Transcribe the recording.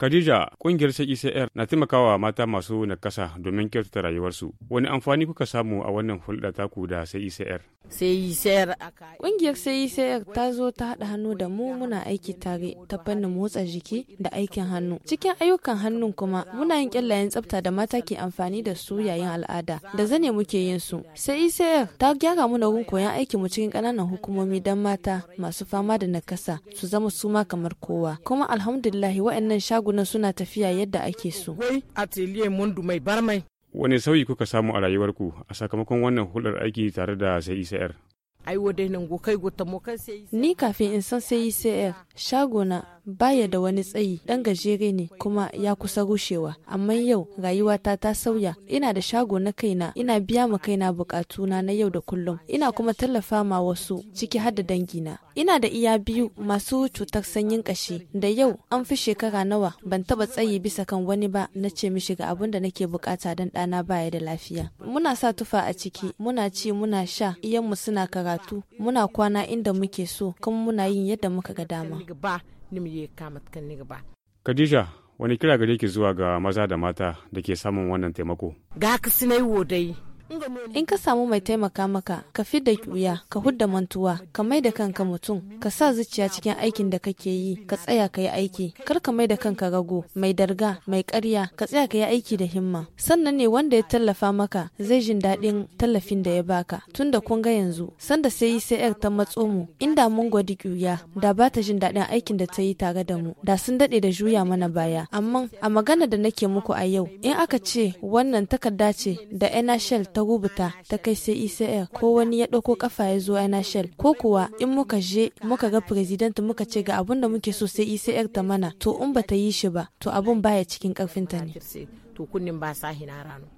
Khadija, ƙungiyar e CICR na taimakawa mata masu nakasa domin kyautata rayuwarsu. Wani amfani kuka samu a wannan hulɗa taku da sai e CICR? sai sayar kungiyar sai sayar ta zo ta haɗa hannu da mu muna aiki tare ta fannin motsa jiki da aikin hannu cikin ayyukan hannun kuma muna yin kyallayen tsafta da mata ke amfani da su yayin al'ada da zane muke yin su sai sayar ta gyara muna da wurin koyon aiki mu cikin ƙananan hukumomi don mata masu fama da nakasa su zama su ma kamar kowa kuma alhamdulillah wa'annan shagunan suna tafiya yadda ake so atelier mundu mai barmai wani sauyi kuka samu a rayuwarku a sakamakon wannan hulɗar aiki tare da sai isa'ir e ni kafin in san sai shagona baya da wani tsayi dan gajere ne kuma ya kusa rushewa amma yau rayuwata ta sauya ina da shago na kaina ina biya ma kaina bukatuna na yau da kullum ina kuma tallafa ma wasu ciki har da dangina ina da iya biyu masu cutar sanyin kashi da yau an fi shekara nawa ban taba tsayi bisa kan wani ba na ce mishi ga abin da nake bukata dan dana baya da lafiya muna sa tufa a ciki muna ci muna sha iyanmu suna karatu karatu muna kwana inda muke so kuma muna yin yadda muka ga dama. Khadija, wani kira gare ki zuwa ga maza da mata da ke samun wannan taimako? Ga ka sinai dai. In ka samu mai taimaka maka, ka fi da ƙuya, ka hudda mantuwa, ka mai da kanka mutum, ka sa zuciya cikin aikin da kake yi, ka tsaya ka yi aiki, kar ka mai da kanka rago, mai darga, mai karya, ka tsaya ka yi aiki da himma. Sannan ne wanda ya tallafa maka zai jin daɗin tallafin da ya baka, tun da kun ga yanzu, sanda sai yi sai yar ta matso mu, inda mun gwadi ƙuya, da ba ta jin daɗin aikin da ta yi tare da mu, da sun daɗe da juya mana baya. Amma a magana da nake muku a yau, in aka ce wannan takarda ce da Enashel ta ta rubuta ta kai sai ecr ko wani ya ɗauko kafa ya zo ana shell ko kuwa in muka je muka ga president muka ce ga abun da muke so sai ecr ta mana to in bata yi shi ba to abun baya cikin karfinta ne to kunnin ba sa na rano